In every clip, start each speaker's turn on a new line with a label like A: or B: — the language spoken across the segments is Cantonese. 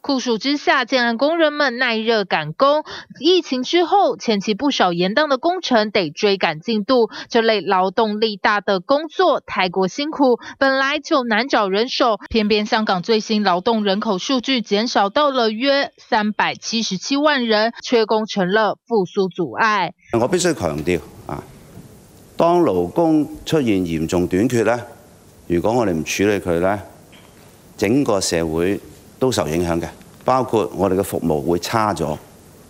A: 酷暑之下，建案工人們耐熱趕工；疫情之後，前期不少延宕的工程得追趕進度。這類勞動力大的工作太過辛苦，本來就難找人手，偏偏香港最新勞動人口數據減少到了約三百七十七萬人，缺工成了復甦阻礙。
B: 我必須強調啊，當
C: 勞工出現嚴重短缺呢，如果我哋唔處理佢呢，整個社會。都受影響嘅，包括我哋嘅服務會差咗，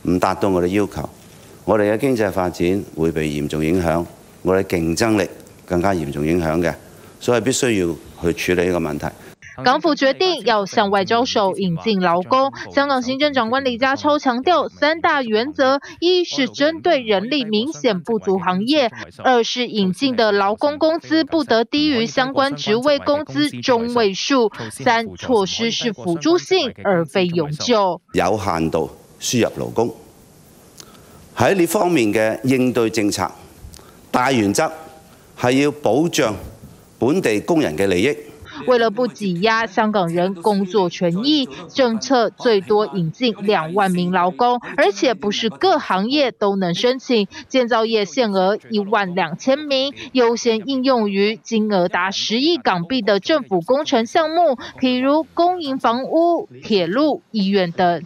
C: 唔達到我哋要求，我哋嘅經濟發展會被嚴重影響，我哋競爭力更加嚴重影響嘅，所以必須要去處理呢個問題。
A: 港府決定要向外招手引進勞工，香港行政長官李家超強調三大原則：一是針對人力明顯不足行業；二是引進的勞工工資不得低於相關職位工資中位數；三措施是輔助性而非永久。
C: 有限度輸入勞工喺呢方面嘅應對政策，大原則係要保障本地工人嘅利益。
A: 為了不擠壓香港人工作權益，政策最多引進兩萬名勞工，而且不是各行業都能申請，建造業限額一萬兩千名，優先應用於金額達十億港幣的政府工程項目，譬如公營房屋、鐵路、醫院等。呢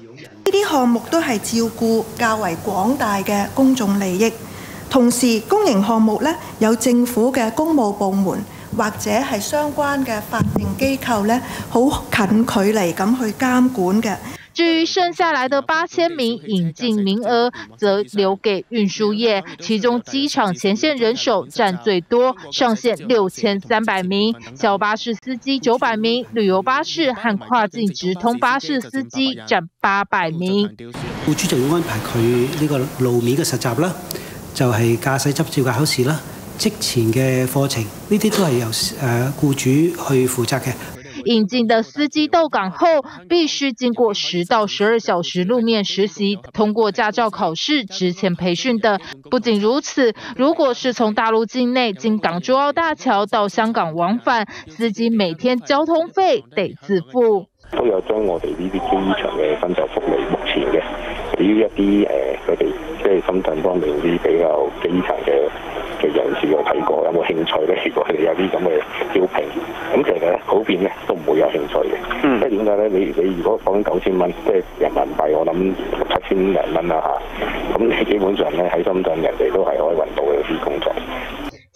A: 啲項目都係照顧
D: 較為廣大嘅公眾利益，同時公營項目咧，有政府嘅公務部門。或者係相關嘅法定機構呢，好近距離咁去監管嘅。至於剩下來嘅八千名引
A: 進名額，則留給運輸業，其中機場前線人手佔最多，上限六千三百名；小巴士司機九百名，旅遊巴士和跨境直通巴士司機佔八百名。
E: 僱主就要安排佢呢個路面嘅實習啦，就係駕駛執照嘅考試啦。職前嘅課程，呢啲都係由誒僱主去負責嘅。
A: 引進嘅司機到港後，必須經過十到十二小時路面實習，通過駕照考試、職前培訓的。不僅如此，如果是從大陸境內經港珠澳大橋到香港往返，司機每天交通費得自付。
B: 都有將我哋呢啲機場嘅薪酬福利目前嘅，對於一啲誒佢哋即係深圳方面啲比較基層嘅。嘅人士有睇過，有冇興趣咧？如果佢哋有啲咁嘅招聘，咁其實普遍咧都唔會有興趣嘅。即係點解咧？你你如果講九千蚊，即係人民幣我 7,，我諗七千零蚊啦嚇。咁你基本上咧喺深圳，人哋都係可以搵到有啲工作。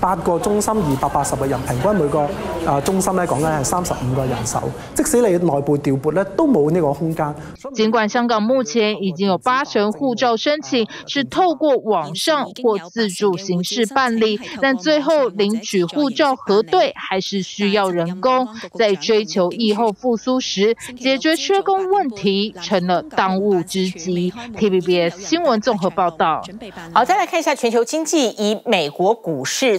B: 八個中心二百八十個人，平均每個啊中心咧講緊係三十五個人手，即使你內部調撥呢都冇呢個空間。
A: 儘管香港目前已經有八成護照申請是透過網上或自助形式辦理，但最後領取護照核對還是需要人工。在追求疫後復甦時，解決缺工問題成了當務之急。TVBS 新聞綜合報導。好，
F: 再來看一下全球經濟，以美國股市。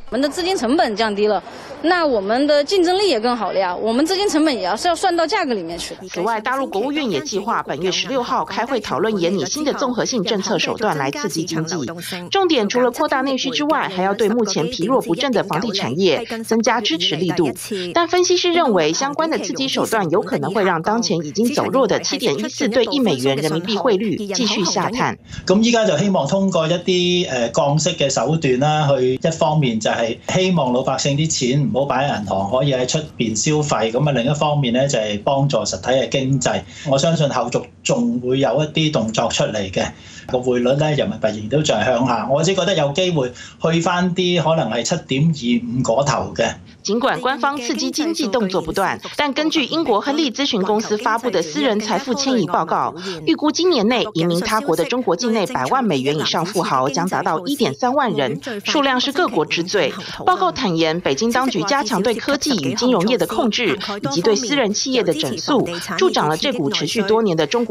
G: 我們的資金成本降低了，那我們的競爭力也更好了呀、啊。我們資金成本也要是要
H: 算到價格裏面去的。
I: 此外，大陸國務院也計劃本月十六號開會討論，研擬新的綜合性政策手段來刺激經濟。重點除了擴大內需之外，還要對目前疲弱不振的房地產業增加支持力度。但分析師認為，相關的刺激手段有可能會讓當前已經走弱的七點一四兌一美元人民幣匯率繼續下探。
J: 咁依家就希望通過一啲誒、呃、降息嘅手段啦，去一方面就係、是。希望老百姓啲錢唔好擺喺銀行，可以喺出邊消費。咁啊另一方面咧，就係幫助實體嘅經濟。我相信後續仲會有一啲動作出嚟嘅，個匯率咧，人民幣仍然都在向下。我只覺得有機會去翻啲可能係七點二五嗰頭嘅。
I: 儘管官方刺激經濟動作不斷，但根據英國亨利諮詢公司發布嘅私人財富遷移報告，預估今年內移民他國嘅中國境內百萬美元以上富豪將達到一點三萬人，數量是各國之最。報告坦言，北京當局加強對科技與金融業的控制，以及對私人企業的整肅，助長了這股持續多年的中國